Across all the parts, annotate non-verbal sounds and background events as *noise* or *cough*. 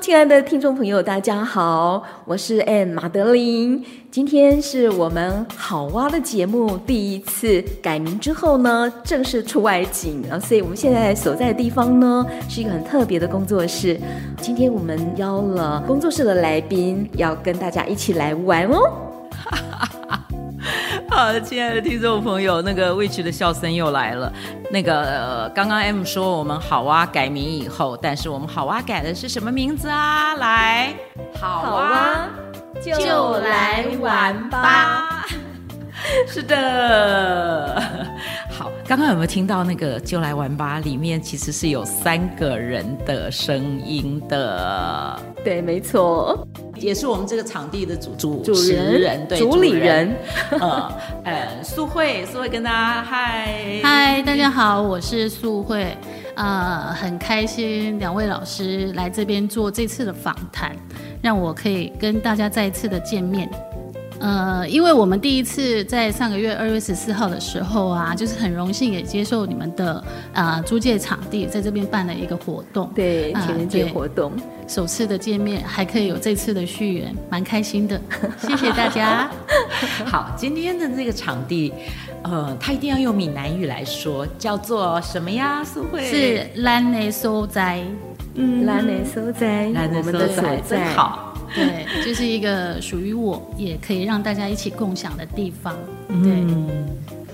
親愛的聽眾朋友，大家好，我是 Anne 馬德琳。今天是我們好哇的節目第一次改名之後呢，正式出外景啊，所以我們現在所在的地方呢，是一個很特別的工作室。今天我們邀了工作室的來賓，要跟大家一起來玩哦。 *laughs* 好親愛的聽眾朋友，那個魏奇的笑聲又來了。那個、呃、剛剛 M 說我們好哇、啊、改名以後，但是我們好哇、啊、改的是什麼名字啊？來，好哇就來玩吧。是的。剛剛有沒有聽到那個就來玩吧？裡面其實是有三個人的聲音的。對，沒錯，也是我們這個場地的主主,人主持人，對，主理人。呃，呃、嗯 *laughs* 嗯，素慧，素慧跟大家嗨嗨，Hi、Hi, 大家好，我是素慧，啊、呃，很開心兩位老師來這邊做這次的訪談，讓我可以跟大家再一次的見面。呃，因為我們第一次在上個月二月十四號的時候啊，就是很榮幸也接受你們的、呃、租借場地，在這邊辦了一個活動，對情人節活動，呃、首次的見面，還可以有這次的續緣，蠻開心的，謝謝大家。 *laughs* 好，今天的這個場地，呃，他一定要用閩南語來說，叫做什麼呀？素慧，是咱的所在。嗯，咱的所在，咱的所在真好。 *laughs* 對，就是一個屬於我，也可以讓大家一起共享的地方。對，嗯、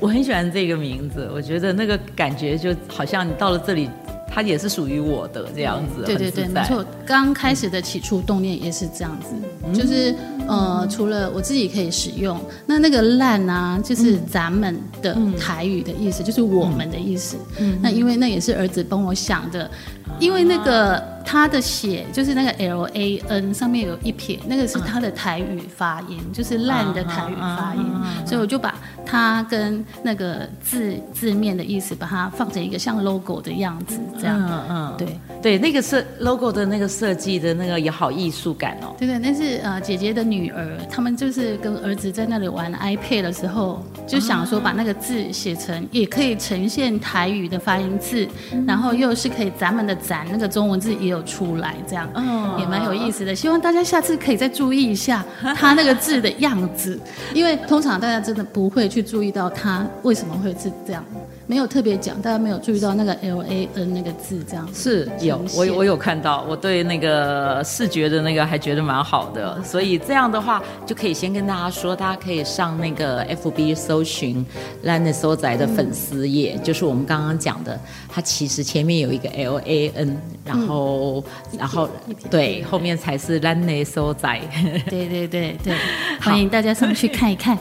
我很喜歡這個名字，我覺得那個感覺就好像你到了這裡，它也是屬於我的這樣子。對，對對對，沒錯。剛開始的起初動念也是這樣子，嗯、就是呃，嗯、除了我自己可以使用，那那個 Lán 呢、啊？就是咱們的台語的意思，嗯、就是我們的意思。嗯、那因為那也是兒子幫我想的，嗯、因為那個。嗯他的寫就是那個 L A N 上面有一撇，那個是他的台語發音，就是爛的台語發音，所以我就把它跟那個字字面的意思把它放成一個像 logo 的樣子，這樣，嗯嗯，對對，那個是 logo 的那個設計的那個也好藝術感哦，對對，那是呃，姐姐的女兒他們就是跟兒子在那裡玩 iPad 的時候，就想說把那個字寫成也可以呈現台語的發音字，然後又是可以咱們的咱那個中文字也。有出來這樣，嗯，也蠻有意思的。希望大家下次可以再注意一下他那個字的樣子，因為通常大家真的不會去注意到他為什麼會是這樣。沒有特別講，大家沒有注意到那個 L A N 那個字，這樣是有我我有看到，我對那個視覺的那個還覺得蠻好的，所以這樣的話就可以先跟大家說，大家可以上那個 F B 搜尋咱的所在的粉絲頁，就是我們剛剛講的，它其實前面有一個 L A N，然後然後對，後面才是咱的所在，對對對對，歡迎大家上去看一看，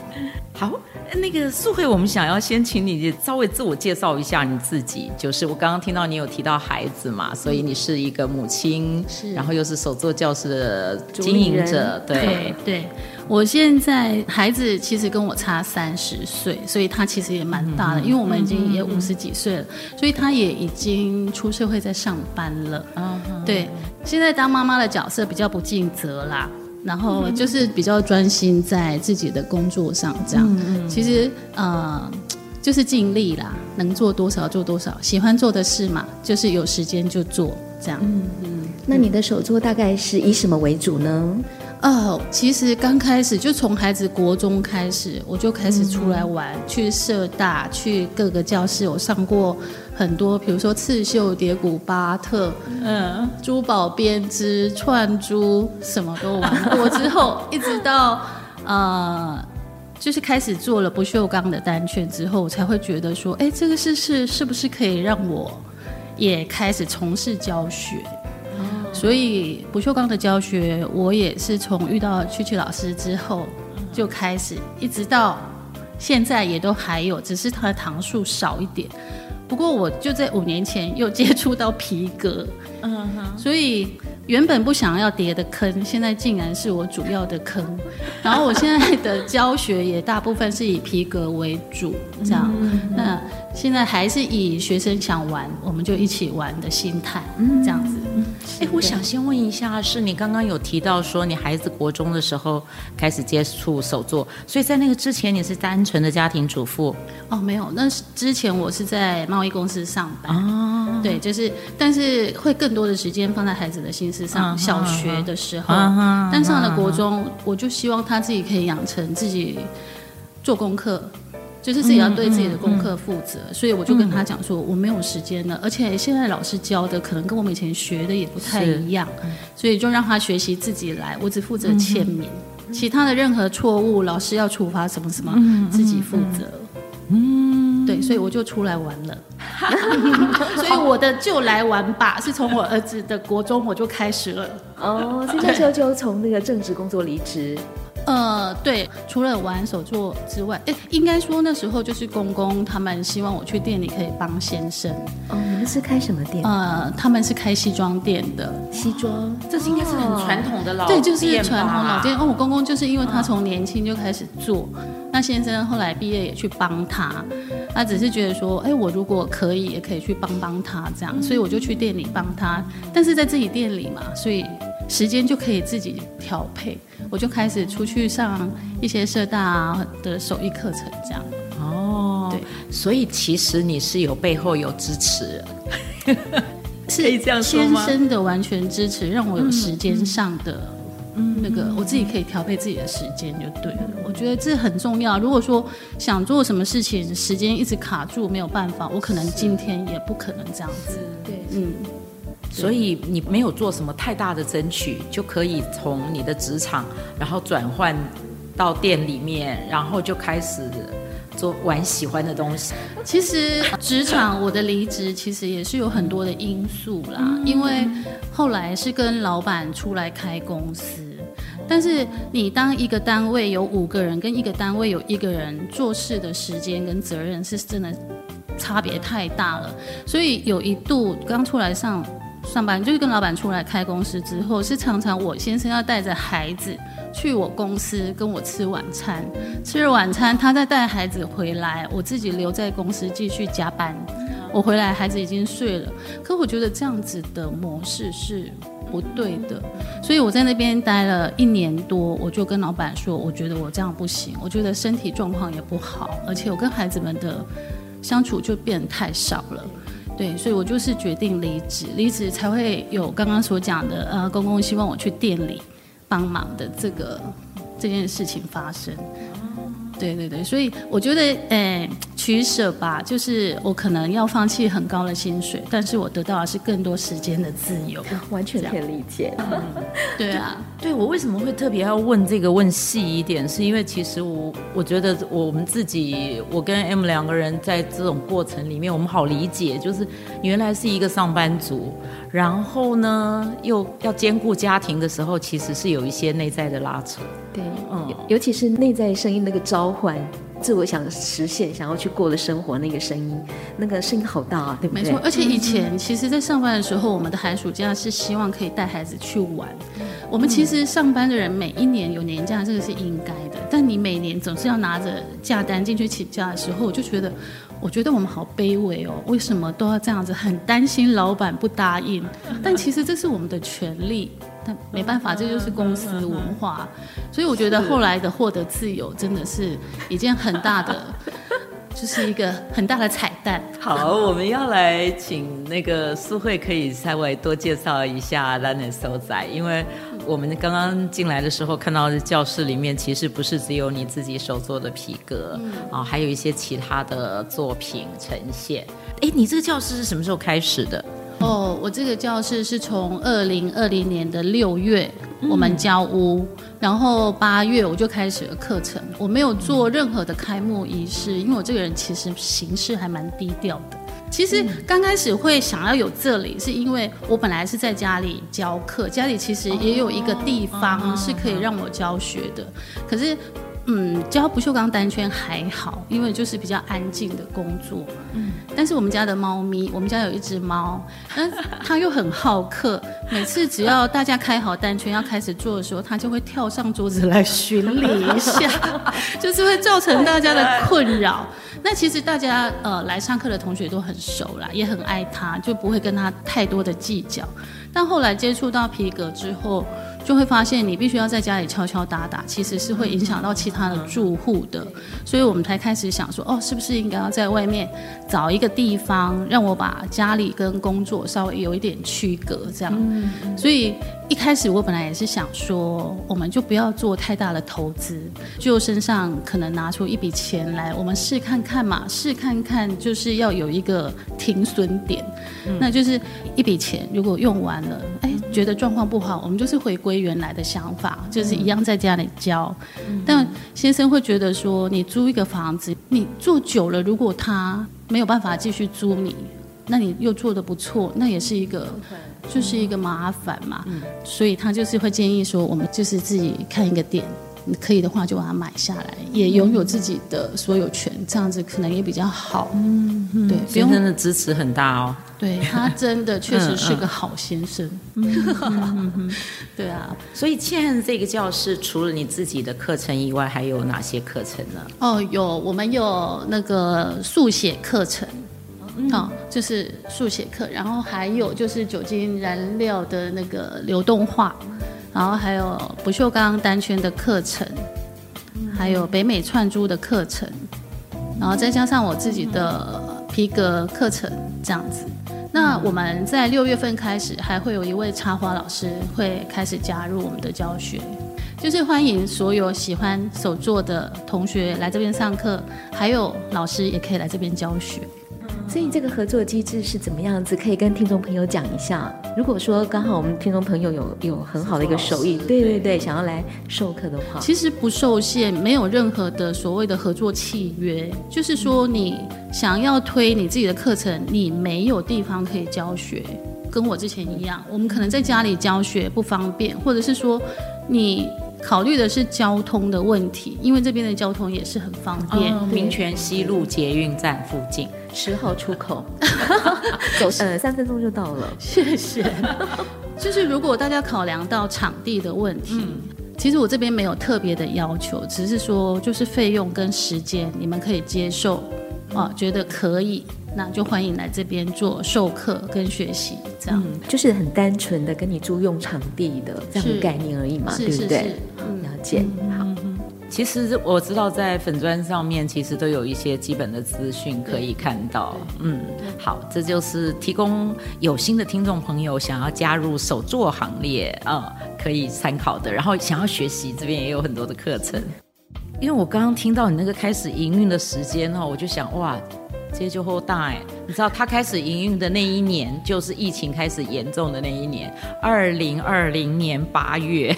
好。那個素慧，我們想要先請你稍微自我介紹一下你自己。就是我剛剛聽到你有提到孩子嘛，所以你是一個母親，嗯、是然後又是手作教室的經營者，對對，對。我現在孩子其實跟我差三十歲，所以他其實也蠻大的，嗯、哼因為我們已經也五十幾歲了，嗯嗯、所以他也已經出社會在上班了。嗯、哼對，現在當媽媽的角色比較不盡責啦。然後就是比較專心在自己的工作上，這樣。其實呃，就是盡力啦，能做多少做多少，喜歡做的事嘛，就是有時間就做這樣。嗯嗯，那你的手作大概是以什麼為主呢？哦、呃，其實剛開始就從孩子國中開始，我就開始出來玩，嗯、哼去社大，去各個教室，我上過很多，比如說刺繡、蝶古巴特，嗯，珠寶編織、串珠，什麼都玩過。之後， *laughs* 一直到呃，就是開始做了不鏽鋼的單圈之後，我才會覺得說，哎，這個是是是不是可以讓我也開始從事教學？所以不鏽鋼的教學，我也是從遇到蛐蛐老師之後就開始，一直到現在也都還有，只是它的堂數少一點。不過我就在五年前又接觸到皮革，嗯哼。所以原本不想要疊的坑，現在竟然是我主要的坑。然後我現在的教學也大部分是以皮革為主，這樣。那現在還是以學生想玩，我們就一起玩的心態，這樣子。哎，我想先問一下，是你剛剛有提到說你孩子國中的時候開始接觸手作，所以在那個之前你是單純的家庭主婦哦？沒有，那是之前我是在貿易公司上班。啊、對，就是，但是會更多的時間放在孩子的心思上。啊、哈小學的時候，但、啊、哈上了國中，啊、哈我就希望他自己可以養成自己做功課。就是自己要對自己的功課負責，嗯嗯嗯、所以我就跟他講說我沒有時間了，嗯、而且現在老師教的可能跟我們以前學的也不太一樣，嗯、所以就讓他學習自己來，我只負責簽名，嗯嗯、其他的任何錯誤老師要處罰什麼什麼自己負責。嗯，嗯嗯對，所以我就出來玩了， *laughs* *laughs* 所以我的就來玩吧，是從我兒子的國中我就開始了。哦，這就就從那個正職工作離職。呃，對，除了玩手作之外，哎，應該說那時候就是公公他們希望我去店裡可以幫先生。哦，你們是開什麼店？呃，他們是開西裝店的。西裝，這是應該是很傳統的老、哦、對，就是傳統老店。哦，我公公就是因為他從年輕就開始做，嗯、那先生後來畢業也去幫他，他只是覺得說，哎，我如果可以，也可以去幫幫他這樣，嗯、所以我就去店裡幫他。但是在自己店裡嘛，所以，時間就可以自己調配，我就開始出去上一些社大的手藝課程，這樣。哦，對，所以其實你是有背後有支持，是先生的完全支持，讓我有時間上的那個，我自己可以調配自己的時間就對了。我覺得這很重要。如果說想做什麼事情，時間一直卡住沒有辦法，我可能今天也不可能這樣子。對，嗯。所以你沒有做什麼太大的爭取，就可以從你的職場，然後轉換到店裡面，然後就開始做玩喜歡的東西。其實職場我的離職其實也是有很多的因素啦，因為後來是跟老闆出來開公司，但是你當一個單位有五個人，跟一個單位有一個人做事的時間跟責任是真的差別太大了，所以有一度剛出來上。上班就是跟老闆出來開公司之後，是常常我先生要帶着孩子去我公司跟我吃晚餐，吃了晚餐他再帶孩子回來，我自己留在公司繼續加班。我回來孩子已經睡了，可我覺得這樣子的模式是不對的，所以我在那邊待了一年多，我就跟老闆說，我覺得我這樣不行，我覺得身體狀況也不好，而且我跟孩子們的相處就變得太少了。對，所以我就是決定離職，離職才會有剛剛所講的，呃，公公希望我去店裡幫忙的這個這件事情發生。對對對，所以我覺得，呃、欸，取捨吧，就是我可能要放棄很高的薪水，但是我得到的是更多時間的自由，完全可以理解。嗯，對啊。對，我為什麼會特別要問這個，問細一點，是因為其實我我覺得我們自己，我跟 M 兩個人在這種過程裡面，我們好理解，就是原來是一個上班族，然後呢又要兼顧家庭的時候，其實是有一些內在的拉扯。對，嗯，尤其是內在聲音那個召喚，自我想實現、想要去過的生活的那個聲音，那個聲音好大啊，對不對？沒錯，而且以前其實，在上班的時候，我們的寒暑假是希望可以帶孩子去玩。嗯、我們其實上班的人每一年有年假，這個是應該的。但你每年總是要拿着假單進去請假的時候，我就覺得，我覺得我們好卑微哦，為什麼都要這樣子？很擔心老闆不答應，但其實這是我們的權利。但沒辦法，嗯、這就是公司文化，嗯嗯嗯、所以我覺得後來的獲得自由真的是一件很大的，是 *laughs* 就是一個很大的彩蛋。好， *laughs* 我們要來請那個素慧可以稍微多介紹一下咱的所在，因為我們剛剛進來的時候看到的教室裡面其實不是只有你自己手做的皮革啊、嗯哦，還有一些其他的作品呈現。哎，你這個教室是什麼時候開始的？哦，oh, 我這個教室是從二零二零年的六月、嗯、我們交屋，然後八月我就開始了課程，我沒有做任何的開幕儀式，嗯、因為我這個人其實行事還蠻低調的。其實剛開始會想要有這裡，是因為我本來是在家裡教課，家裡其實也有一個地方是可以讓我教學的，可是。嗯，教不鏽鋼單圈還好，因為就是比較安靜的工作。嗯，但是我們家的貓咪，我們家有一隻貓，但它又很好客，每次只要大家開好單圈 *laughs* 要開始做的時候，它就會跳上桌子來巡禮一下，就是會造成大家的困擾。 *laughs* 那其實大家呃來上課的同學都很熟啦，也很愛它，就不會跟它太多的計較。但後來接觸到皮革之後。就會發現你必須要在家裡敲敲打打，其實是會影響到其他的住戶的，所以我們才開始想說，哦，是不是應該要在外面找一個地方，讓我把家裡跟工作稍微有一點區隔這樣。所以一開始我本來也是想說，我們就不要做太大的投資，就身上可能拿出一筆錢來，我們試看看嘛，試看看就是要有一個停損點，那就是一筆錢，如果用完了，覺得狀況不好，我們就是回歸原來的想法，就是一樣在家裡教。但先生會覺得說，你租一個房子，你住久了，如果他沒有辦法繼續租你，那你又做得不錯，那也是一個，就是一個麻煩嘛。所以他就是會建議說，我們就是自己開一個店。可以的話就把它買下來，也擁有自己的所有權，這樣子可能也比較好嗯。嗯，嗯，對，先生的支持很大哦。對，他真的確實是個好先生。嗯嗯嗯嗯、對啊，所以欠這個教室除了你自己的課程以外，還有哪些課程呢？哦，有我們有那個速寫課程，嗯，就是速寫課，然後還有就是酒精燃料的那個流動畫。然後還有不鏽鋼單圈的課程，還有北美串珠的課程，然後再加上我自己的皮革課程這樣子。那我們在六月份開始還會有一位插花老師會開始加入我們的教學，就是歡迎所有喜歡手作的同學來這邊上課，還有老師也可以來這邊教學。所以這個合作機制是怎麼樣子？可以跟聽眾朋友講一下。如果說剛好我們聽眾朋友有有很好的一個手藝，對對對，對，想要來授課的話，其實不受限，沒有任何的所謂的合作契約。就是說，你想要推你自己的課程，你沒有地方可以教學，跟我之前一樣，我們可能在家裡教學不方便，或者是說，你考慮的是交通的問題，因為這邊的交通也是很方便，嗯，民權西路捷運站附近。十號出口， *laughs* 走呃三分鐘就到了。謝謝。就是如果大家考量到場地的問題，嗯、其實我這邊沒有特別的要求，只是說就是費用跟時間你們可以接受，啊覺得可以，那就歡迎來這邊做授課跟學習，這樣，嗯。就是很單純的跟你租用場地的這樣的概念而已嘛，是是是是對不對？嗯、了解。嗯其實我知道，在粉專上面其實都有一些基本的資訊可以看到，嗯，好，這就是提供有心的聽眾朋友想要加入手作行列啊、嗯，可以參考的。然後想要學習，這邊也有很多的課程。因為我剛剛聽到你那個開始營運的時間哈，我就想哇。接就好大哎、欸！你知道，他開始營運的那一年，就是疫情開始嚴重的那一年，二零二零年八月，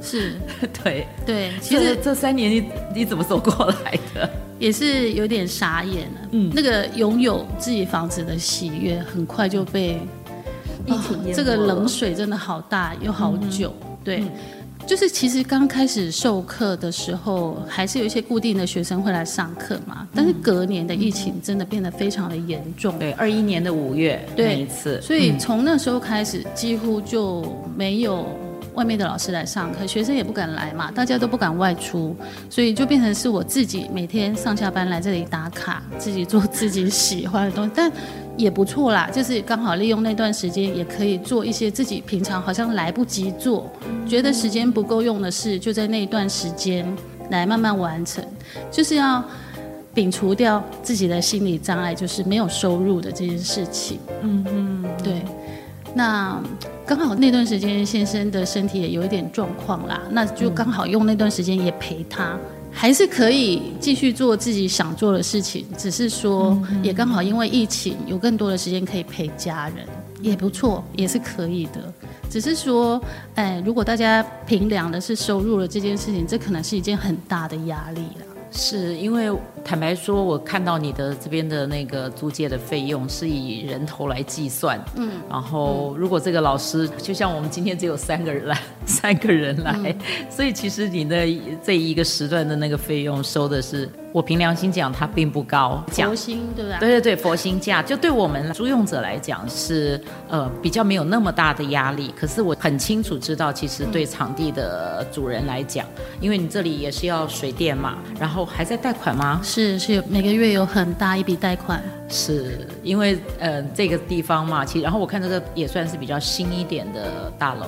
是， *laughs* 對對，其實這三年你你怎麼走過來的？也是有點傻眼了，嗯，那個擁有自己房子的喜悅，很快就被疫情這個冷水真的好大又好久，嗯嗯、對。就是其實剛開始授課的時候，還是有一些固定的學生會來上課嘛。但是隔年的疫情真的變得非常的嚴重。對，二一年的五月那一次。對，所以從那時候開始，幾乎就沒有外面的老師來上課，學生也不敢來嘛，大家都不敢外出，所以就變成是我自己每天上下班來這裡打卡，自己做自己喜歡的東西。但也不錯啦，就是剛好利用那段時間，也可以做一些自己平常好像來不及做，覺得時間不夠用的事，就在那一段時間來慢慢完成。就是要摒除掉自己的心理障礙，就是沒有收入的這件事情。嗯嗯，對。那剛好那段時間先生的身體也有一點狀況啦，那就剛好用那段時間也陪他。還是可以繼續做自己想做的事情，只是說也剛好因為疫情有更多的時間可以陪家人，也不錯，也是可以的。只是說，哎，如果大家評量的是收入了這件事情，這可能是一件很大的壓力了。是因為坦白說，我看到你的這邊的那個租借的費用是以人頭來計算，嗯，然後如果這個老師就像我們今天只有三個人來，三個人來，嗯，所以其實你的這一個時段的那個費用收的是。我憑良心講，它並不高，講佛心對不對？對對對，佛心價，就對我們租用者來講是呃比較沒有那麼大的壓力。可是我很清楚知道，其實對場地的主人來講，嗯、因為你這裡也是要水電嘛，然後還在貸款嗎？是是，每個月有很大一筆貸款。是因為呃這個地方嘛，其實然後我看這個也算是比較新一點的大樓。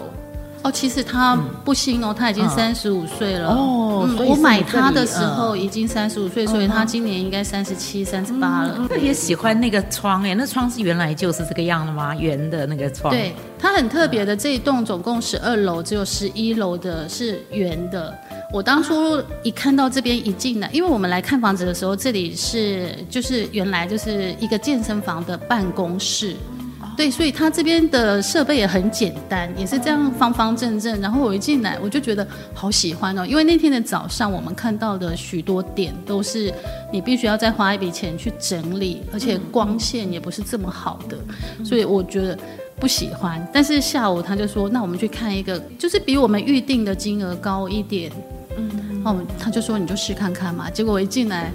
哦，其實他不新哦，嗯、他已經三十五歲了。哦，我買、嗯、他的時候已經三十五歲，哦、所以他今年應該三十七、三十八了。嗯、特別喜歡那個窗哎，嗯、那窗是原來就是這個樣的嗎？圓的那個窗？對，它很特別的。嗯、這一棟總共十二樓，只有十一樓的是圓的。我當初一看到這邊一進來，因為我們來看房子的時候，這裡是就是原來就是一個健身房的辦公室。對，所以他這邊的設備也很簡單，也是這樣方方正正。然後我一進來，我就覺得好喜歡哦，因為那天的早上我們看到的許多點都是你必須要再花一筆錢去整理，而且光線也不是這麼好的，嗯嗯，所以我覺得不喜歡。但是下午他就說，那我們去看一個，就是比我們預定的金額高一點。嗯，嗯，哦，他就說你就試看看嘛。結果我一進來。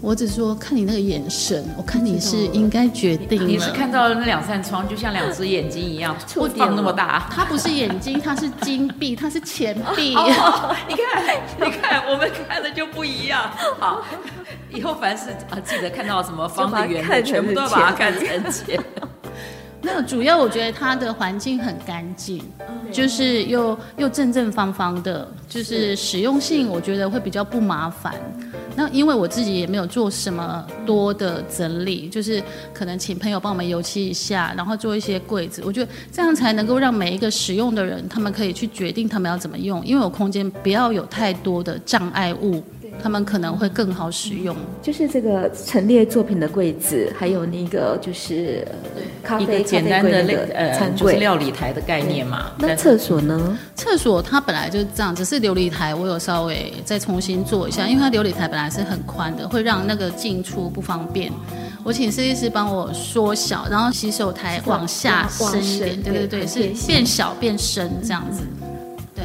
我只說，看你那個眼神，我看你是應該決定了。你，你是看到了那兩扇窗，就像兩隻眼睛一樣，點放那麼大。它不是眼睛，它是金幣，它 *laughs* 是錢幣。哦哦。你看，你看， *laughs* 我們看了就不一樣。好，以後凡事啊，記得看到什麼方的圓，看全部都把它看成錢。那，個、 *laughs* 那主要我覺得它的環境很乾淨，Okay. 就是又又正正方方的，就是使用性我覺得會比較不麻煩。那因為我自己也沒有做什麼多的整理，就是可能請朋友幫我們油漆一下，然後做一些櫃子。我覺得這樣才能夠讓每一個使用的人，他們可以去決定他們要怎麼用，因為我空間不要有太多的障礙物。他們可能會更好使用、嗯，就是這個陳列作品的櫃子，還有那個就是咖啡一個簡單的那個餐呃，就是料理台的概念嘛。對是那廁所呢？廁所它本來就是這樣，只是琉璃台我有稍微再重新做一下，因為它琉璃台本來是很寬的，嗯、會讓那個進出不方便。我請設計師幫我縮小，然後洗手台往下深一點，對對對，對是變小變深、嗯、這樣子。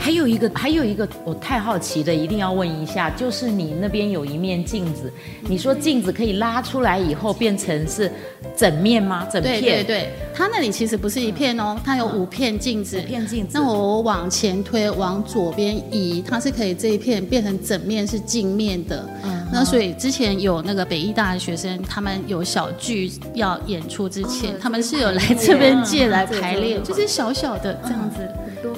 還有一個，還有一個，我太好奇的，一定要問一下，就是你那邊有一面鏡子，嗯、你說鏡子可以拉出來以後變成是整面嗎？整片？對對對，它那裡其實不是一片哦，它有五片鏡子。五、嗯啊、片鏡子。那我往前推，往左邊移，它是可以這一片變成整面是鏡面的。嗯。那所以之前有那個北藝大的學生，他們有小劇要演出之前，哦、他們是有來這邊借來排練，嗯、就是小小的、嗯、這樣子。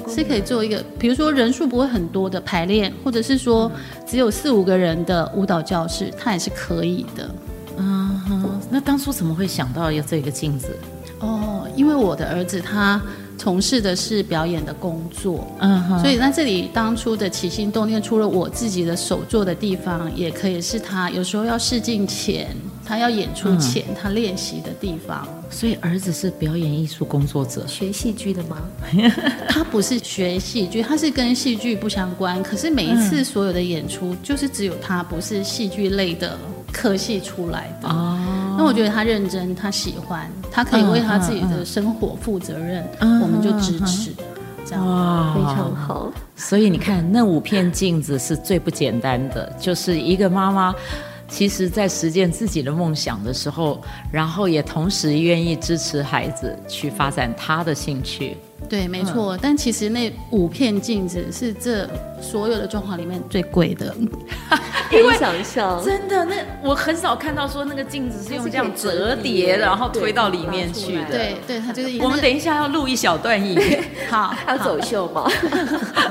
是可以做一個，比如說人數不會很多的排練，或者是說只有四五個人的舞蹈教室，它也是可以的。嗯哼，那當初怎麼會想到有這個鏡子？哦，因為我的兒子他從事的是表演的工作，嗯哼，所以那這裡當初的起心動念，除了我自己的手作的地方，也可以是他有時候要試鏡前。他要演出前，他練習的地方，嗯。所以兒子是表演藝術工作者，學戲劇的嗎？ *laughs* 他不是學戲劇，他是跟戲劇不相關。可是每一次所有的演出，嗯、就是只有他不是戲劇類的科系出來的。哦、那我覺得他認真，他喜歡，他可以為他自己的生活負責任，嗯嗯、我們就支持。嗯、這樣哇非常好。所以你看，那五片鏡子是最不簡單的，嗯、就是一個媽媽其實，在實踐自己的夢想的時候，然後也同時願意支持孩子去發展他的興趣。對，沒錯，但其實那五片鏡子是這所有的裝潢裡面最貴的，可以想象，真的，那我很少看到說那個鏡子是用這樣折疊，然後推到裡面去的。對，對，它就是。我們等一下要錄一小段影片，好，要走秀嗎？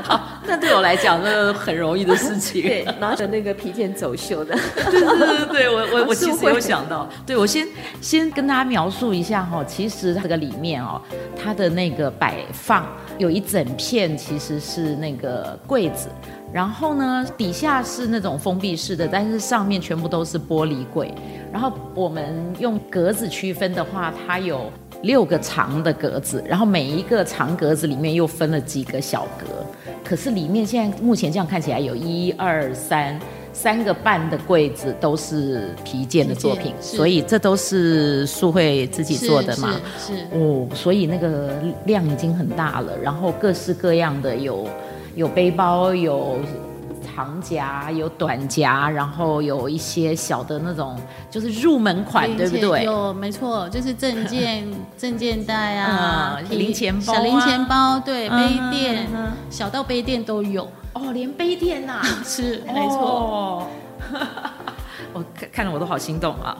好，那對我來講，那很容易的事情。對，拿着那個皮件走秀的。對對對，我我我其實沒有想到。對，我先先跟大家描述一下哈，其實這個裡面哦，它的那個擺。擺放有一整片，其實是那個櫃子，然後呢，底下是那種封閉式的，但是上面全部都是玻璃櫃。然後我們用格子區分的話，它有六個長的格子，然後每一個長格子裡面又分了幾個小格。可是裡面現在目前這樣看起來有一、二、三。三個半的櫃子都是皮件的作品，所以這都是素慧自己做的嘛？是，是哦，所以那個量已經很大了。然後各式各樣的有有背包，有長夾，有短夾，然後有一些小的那種，就是入門款，對不對？有，沒錯，就是證件、證 *laughs* 件袋啊，零錢、嗯、皮包、啊、小零錢包，對，杯墊，小到杯墊都有。哦，連杯墊吶、啊，是沒錯。錯哦，我看看了我都好心動啊！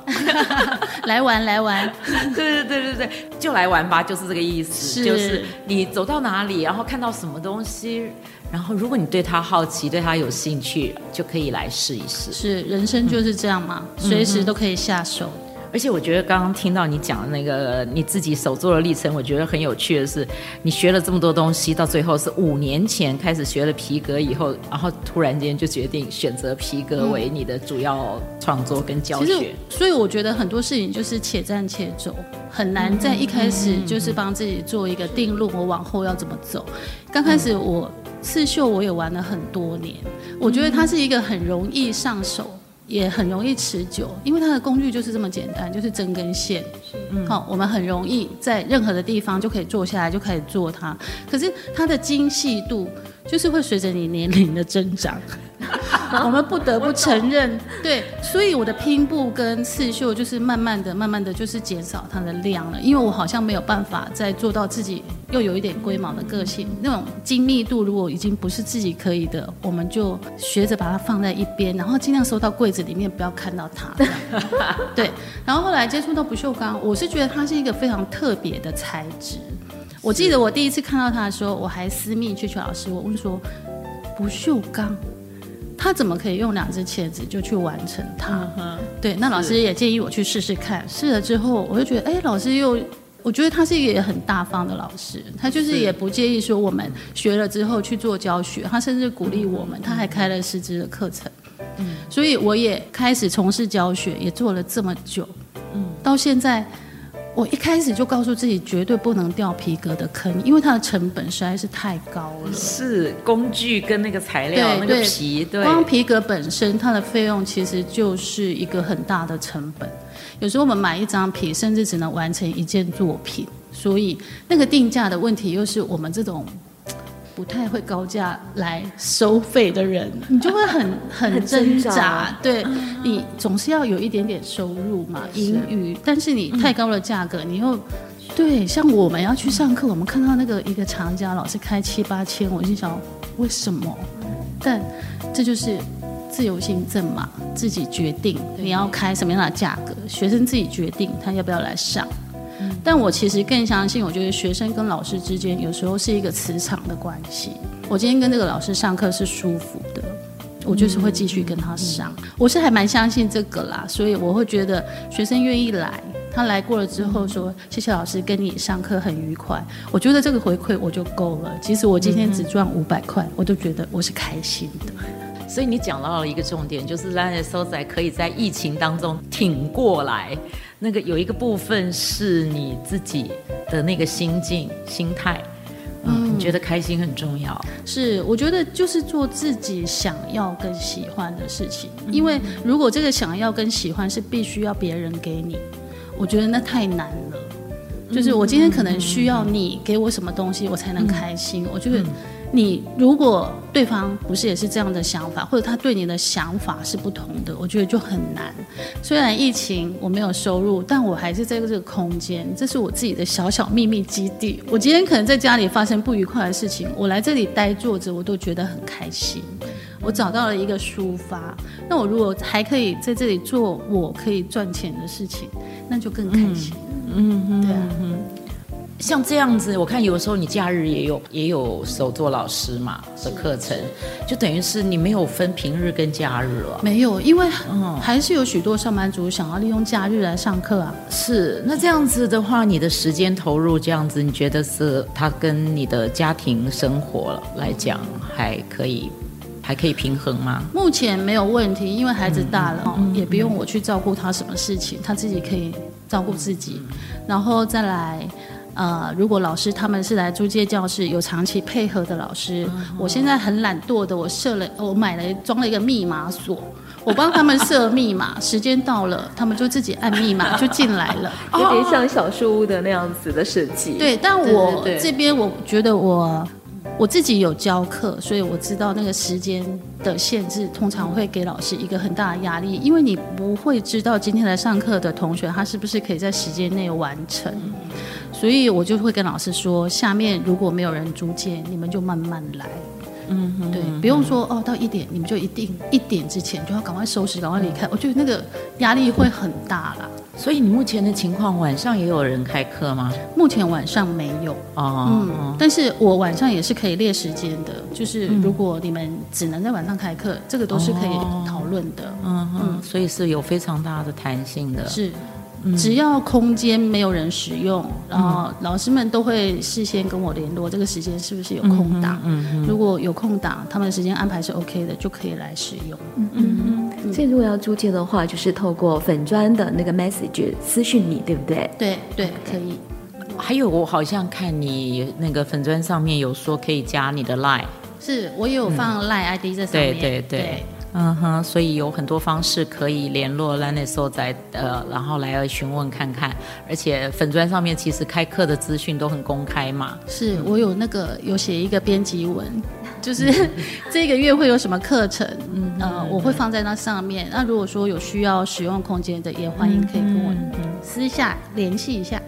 來玩 *laughs* 來玩，對對對對對，就來玩吧，就是這個意思。是就是，你走到哪裡，然後看到什麼東西，然後如果你對他好奇，對他有興趣，就可以來試一試。是，人生就是這樣嘛，隨、嗯、哼時都可以下手。而且我覺得剛剛聽到你講的那個你自己手作的歷程，我覺得很有趣的是，你學了這麼多東西，到最後是五年前開始學了皮革以後，然後突然間就決定選擇皮革為你的主要創作跟教學、嗯。其實，所以我覺得很多事情就是且戰且走，很難在一開始就是幫自己做一個定論，我往後要怎麼走。剛開始我、嗯、刺繡我也玩了很多年，我覺得它是一個很容易上手。也很容易持久。因為它的工具就是這麼簡單，就是針跟線。嗯、好，我們很容易在任何的地方就可以坐下來就可以做它。可是它的精細度就是會隨着你年齡的增長，我們不得不承認，對。所以我的拼布跟刺繡就是慢慢的、慢慢的，就是減少它的量了。因為我好像沒有辦法再做到自己又有一點龜毛的個性，那種精密度如果已經不是自己可以的，我們就學着把它放在一邊，然後盡量收到櫃子裡面，不要看到它。對。然後後來接觸到不鏽鋼。我是覺得它是一個非常特別的材質。我記得我第一次看到它的時候，我還私密去求老師，我問說：“不銹鋼，它怎麼可以用兩只鉗子就去完成它？”對，那老師也建議我去試試看。試了之後，我就覺得，哎，老師又，我覺得他是一個也很大方的老師，他就是也不介意說我們學了之後去做教學，他甚至鼓勵我們，他還開了師資的課程。嗯，所以我也開始從事教學，也做了這麼久。到現在，我一開始就告訴自己絕對不能掉皮革的坑，因為它的成本實在是太高了。是工具跟那個材料，對那個皮，對。光皮革本身它的費用其實就是一個很大的成本。嗯。有時候我們買一張皮，甚至只能完成一件作品，所以那個定價的問題又是我們這種。不太會高價來收費的人， *laughs* 你就會很很掙扎。對、嗯啊、你總是要有一點點收入嘛，盈餘。是啊、但是你太高的價格，嗯、你又對。像我們要去上課，我們看到那個一個長家老師開七八千，我就想為什麼？但這就是自由行政嘛，自己決定你要開什麼樣的價格，學生自己決定他要不要來上。但我其實更相信，我覺得學生跟老師之間有時候是一個磁場的關係。我今天跟這個老師上課是舒服的，我就是會繼續跟他上。我是還蠻相信這個啦，所以我會覺得學生願意來，他來過了之後說謝謝老師跟你上課很愉快，我覺得這個回饋我就夠了。即使我今天只賺五百塊，我都覺得我是開心的。所以你講到了一個重點，就是咱的所在可以在疫情當中挺過來。那個有一個部分是你自己的那個心境、心態，嗯，你覺得開心很重要。嗯、是，我覺得就是做自己想要跟喜歡的事情，因為如果這個想要跟喜歡是必須要別人給你，我覺得那太難了。就是我今天可能需要你給我什麼東西，我才能開心。我就覺得。你如果對方不是也是這樣的想法，或者他對你的想法是不同的，我覺得就很難。雖然疫情我沒有收入，但我還是在這個空間，這是我自己的小小秘密基地。我今天可能在家裡發生不愉快的事情，我來這裡待坐着，我都覺得很開心。我找到了一個抒發。那我如果還可以在這裡做我可以賺錢的事情，那就更開心了。嗯，嗯嗯，對啊。嗯像這樣子，我看有時候你假日也有也有手作老師嘛的課程，就等於是你沒有分平日跟假日了。沒有，因為嗯，還是有許多上班族想要利用假日來上課啊。是,那這樣子的話，你的時間投入這樣子，你覺得是他跟你的家庭生活來講還可以還可以平衡嗎？目前沒有問題，因為孩子大了、哦，嗯嗯嗯嗯、也不用我去照顧他什麼事情，他自己可以照顧自己，嗯嗯、然後再來。呃，如果老師他們是來租借教室，有長期配合的老師，我現在很懶惰的，我設了，我買了裝了一個密碼鎖，我幫他們設密碼，時間到了，他們就自己按密碼就進來了， *laughs* 有點像小樹屋的那樣子的設計。對，但我這邊我覺得我我自己有教課，所以我知道那個時間的限制通常會給老師一個很大的壓力，因為你不會知道今天來上課的同學他是不是可以在時間內完成。所以我就會跟老師說，下面如果沒有人租借，你們就慢慢來。嗯，對，不用說哦，到一點你們就一定一點之前就要趕快收拾，趕快離開。我覺得那個壓力會很大啦。所以你目前的情況，晚上也有人開課嗎？目前晚上沒有哦，嗯，哦、但是我晚上也是可以列時間的，就是如果你們只能在晚上開課，哦、這個都是可以討論的。嗯、哦、嗯，嗯嗯，所以是有非常大的彈性的。是。只要空間沒有人使用，然後老師們都會事先跟我聯絡，這個時間是不是有空檔？如果有空檔，他們的時間安排是 OK 的，就可以來使用。嗯嗯嗯。所以如果要租借的話，就是透過粉專的那個 message 私訊你，對不對？對對，可以。還有，我好像看你那個粉專上面有說可以加你的 line，是，我有放 line ID 在上面。對對對。嗯哼，uh、huh, 所以有很多方式可以聯絡咱的所在，呃，然後來詢問看看。而且粉專上面其實開課的資訊都很公開嘛。是，我有那個有寫一個編輯文，就是 *laughs* 這個月會有什麼課程，嗯、呃， *laughs* 我會放在那上面。那如果說有需要使用空間的也，也歡迎可以跟我私下聯繫一下。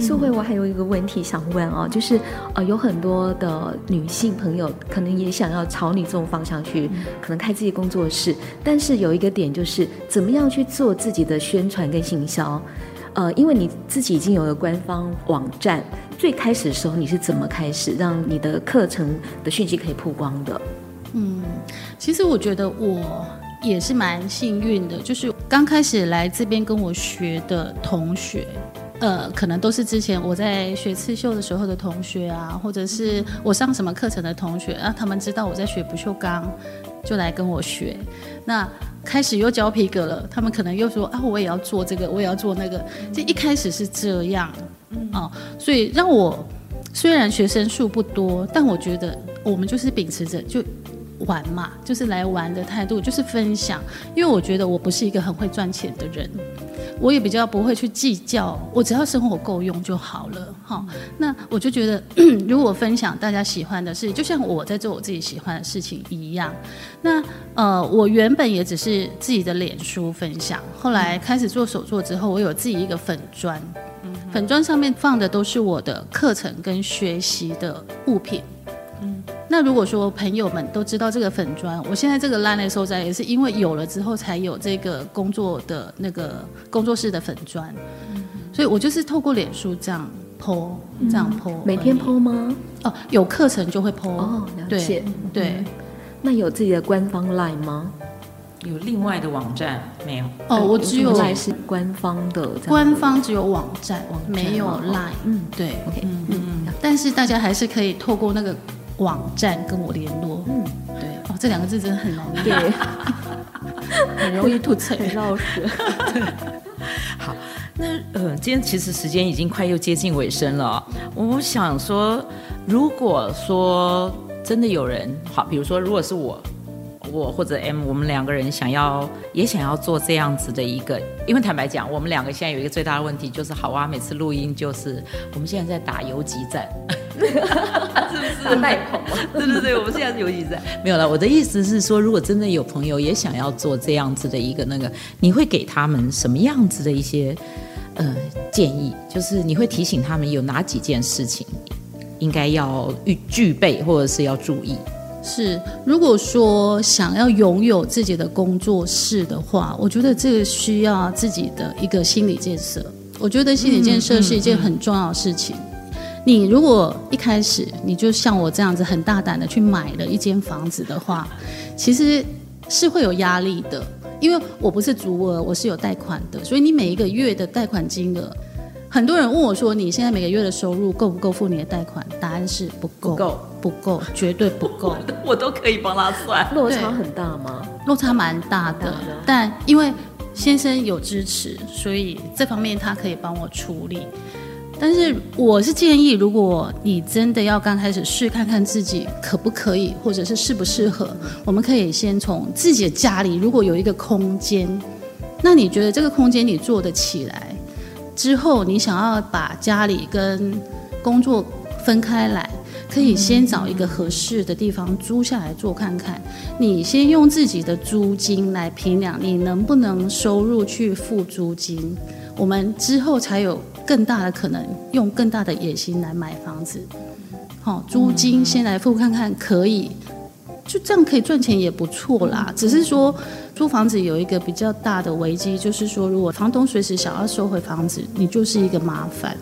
素慧，嗯、我還有一個問題想問哦，就是呃，有很多的女性朋友可能也想要朝你這種方向去，嗯、可能開自己工作室，但是有一個點就是，怎麼樣去做自己的宣傳跟行銷？呃，因為你自己已經有了官方網站，最開始的時候你是怎麼開始讓你的課程的訊息可以曝光的？嗯，其實我覺得我也是蠻幸運的，就是剛開始來這邊跟我學的同學。呃，可能都是之前我在學刺繡的時候的同學啊，或者是我上什麼課程的同學啊，他們知道我在學不鏽鋼，就來跟我學。那開始又教皮革了，他們可能又說啊，我也要做這個，我也要做那個。就一開始是這樣啊，所以讓我雖然學生數不多，但我覺得我們就是秉持着就。玩嘛，就是來玩的態度，就是分享。因為我覺得我不是一個很會賺錢的人，我也比較不會去計較，我只要生活夠用就好了。哈，那我就覺得，如果分享大家喜歡的事，就像我在做我自己喜歡的事情一樣。那呃，我原本也只是自己的臉書分享，後來開始做手作之後，我有自己一個粉專，嗯哼。粉專上面放的都是我的課程跟學習的物品。嗯。那如果說朋友們都知道這個粉專，我現在這個咱的所在也是因為有了之後才有這個工作的那個工作室的粉專，所以我就是透過臉書這樣 po，這樣 po 每天 po 嗎？哦，有課程就會 po。哦，了解。對，那有自己的官方 line 嗎？有另外的網站沒有？哦，我只有 line 是官方的，官方只有網站，網站沒有 line。嗯，對，OK，嗯嗯嗯。但是大家還是可以透過那個。網站跟我聯絡，嗯、對哦，這兩個字真的很難念，對 *laughs* 很容易吐詞，笑死。好，那呃，今天其實時間已經快又接近尾聲了，我想說，如果說真的有人好，比如說如果是我，我或者 M，我們兩個人想要也想要做這樣子的一個，因為坦白講，我們兩個現在有一個最大的問題就是，好哇，每次錄音就是我們現在在打游擊戰。 *laughs* 是不是賣房？對對對，我們現在是有錢。沒有了，我的意思是說，如果真的有朋友也想要做這樣子的一個那個，你會給他們什麼樣子的一些呃建議？就是你會提醒他們有哪幾件事情應該要具備，或者是要注意。是，如果說想要擁有自己的工作室的話，我覺得這個需要自己的一個心理建設。我覺得心理建設是一件很重要的事情、嗯。嗯嗯你如果一開始你就像我這樣子很大膽的去買了一間房子的話，其實是會有壓力的，因為我不是足額，我是有貸款的，所以你每一個月的貸款金額，很多人問我說你現在每個月的收入夠不夠付你的貸款？答案是不夠，不夠，不夠，絕對不夠。我都可以幫他算，落差很大嗎？落差蠻大的，大，但因為先生有支持，所以這方面他可以幫我處理。但是我是建議，如果你真的要剛開始試看看自己可不可以，或者是適不適合，我們可以先從自己的家裡，如果有一個空間，那你覺得這個空間你做得起來之後，你想要把家裡跟工作分開來，可以先找一個合適的地方租下來做看看。你先用自己的租金來評量，你能不能收入去付租金？我們之後才有，更大的可能用更大的野心來買房子，好，租金先來付看看可以，就這樣可以賺錢也不錯啦。只是說租房子有一個比較大的危機，就是說如果房東隨時想要收回房子，你就是一個麻煩。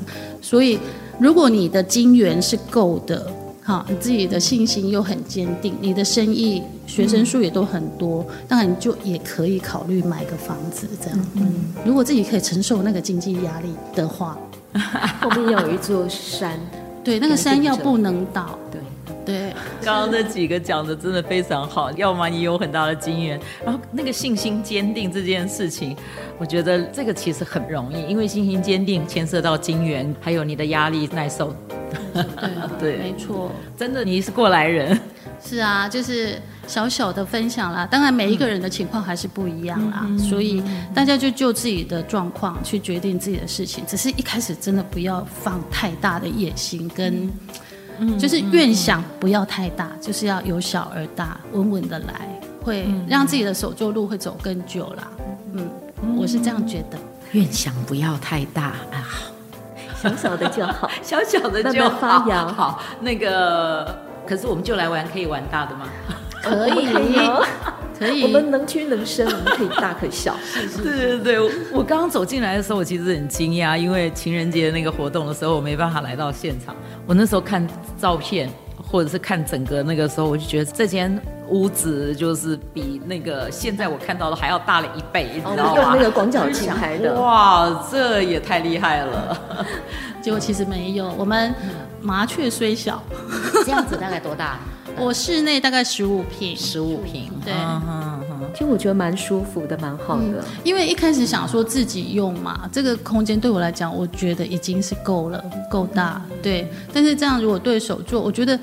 所以如果你的金元是夠的，好，你自己的信心又很堅定，你的生意學生數也都很多，當然你就也可以考慮買個房子這樣。嗯，如果自己可以承受那個經濟壓力的話，後面要有一座山。對，那個山要不能倒。對，對。剛剛這幾個講的真的非常好，要麼你有很大的金源，然後那個信心堅定這件事情，我覺得這個其實很容易，因為信心堅定牽涉到金源，還有你的壓力耐受。對 *laughs* 對，沒錯，真的你是過來人，是啊，就是小小的分享啦。當然每一個人的情況還是不一樣啦，所以大家就就自己的狀況去決定自己的事情。只是一開始真的不要放太大的野心，跟就是願想不要太大，就是要由小而大，穩穩的來，會讓自己的手作路會走更久啦。嗯，我是這樣覺得，願 *laughs* 想不要太大啊。小， *laughs* 小小的就好，小小的就好。好，那個，可是我們就來玩，可以玩大的嗎？可以， *laughs* 可以，我們能屈能伸，我們可以大可小。是是。 *laughs* 對對對，我剛剛走進來的時候，我其實很驚訝，因為情人節那個活動的時候，我沒辦法來到現場。我那時候看照片，或者是看整個那個時候，我就覺得這間，屋子就是比那個現在我看到的還要大了一倍，你、哦、知道嗎？用那個廣角鏡拍的。 *laughs* 哇，這也太厲害了！結果其實沒有，我們、嗯、麻雀雖小， *laughs* 這樣子大概多大？我室內大概十五平。十五平。對，嗯嗯嗯。其實我覺得蠻舒服的，蠻好的、嗯。因為一開始想說自己用嘛，這個空間對我來講，我覺得已經是夠了，夠大。對。但是這樣如果對手做，我覺得。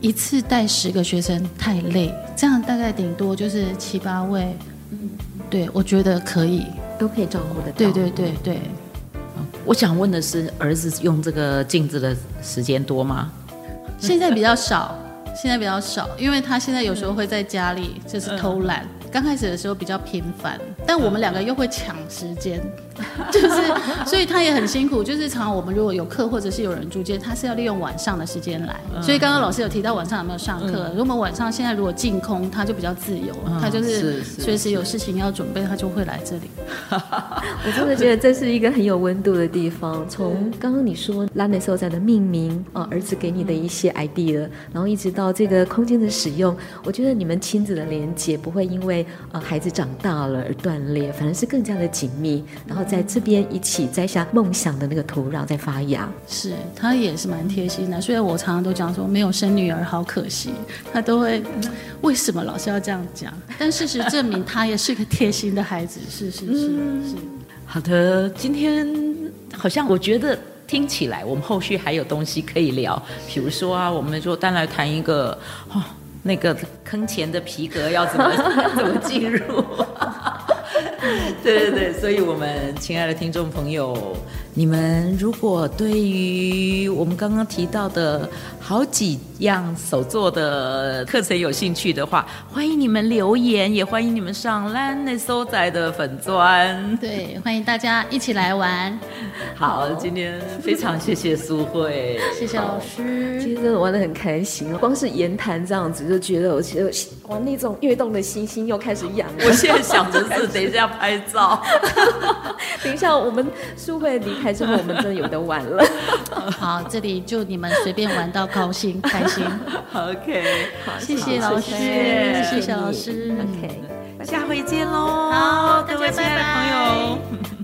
一次帶十個學生太累，這樣大概頂多就是七八位。嗯，對，我覺得可以，都可以照顧的。對對對對。嗯、我想問的是，兒子用這個鏡子的時間多嗎？現在比較少，現在比較少，因為他現在有時候會在家裡就是偷懶。嗯、剛開始的時候比較頻繁，但我們兩個又會搶時間。嗯嗯 *laughs* 就是，所以他也很辛苦。就是，常常我們如果有課或者是有人住，間他是要利用晚上的時間來。所以剛剛老師有提到晚上有沒有上課。嗯、如果我們晚上現在如果淨空，他就比較自由，嗯、他就是隨時有事情要準備，他就會來這裡。我真的覺得這是一個很有溫度的地方。從剛剛你說咱的所在的命名啊，兒子給你的一些 idea，、嗯、然後一直到這個空間的使用，我覺得你們親子的連接不會因為呃孩子長大了而斷裂，反而是更加的緊密。嗯、然後。在這邊一起摘下夢想的那個土壤，在發芽。是他也是蠻貼心的，雖然我常常都講說沒有生女兒好可惜，他都會。為什麼老是要這樣講？但是事實證明，他也是一個貼心的孩子。是是是是。好的，今天好像我覺得聽起來，我們後續還有東西可以聊，比如說啊，我們就單來談一個哦，那個坑錢的皮革要怎麼怎麼進入。 *laughs* 對對對， *laughs* 所以我們親愛的聽眾朋友，你們如果對於我們剛剛提到的好幾樣手作的課程有興趣的話，歡迎你們留言，也歡迎你們上咱的所在的粉專。對，歡迎大家一起來玩。好，好今天非常謝謝素慧，謝謝老師。好今天真的玩得很開心，光是言談這樣子就覺得我其實玩那種躍動的心心又開始癢了。我現在想的是等一下拍照， *laughs* 等一下我們素慧離。你還是我們就有的玩了， *laughs* *laughs* 好，這裡祝你們隨便玩到高興 *laughs* 開心。OK，好謝謝老師，謝謝老師。OK，拜拜，下回見嘍。好，各位親愛的朋友。 *laughs*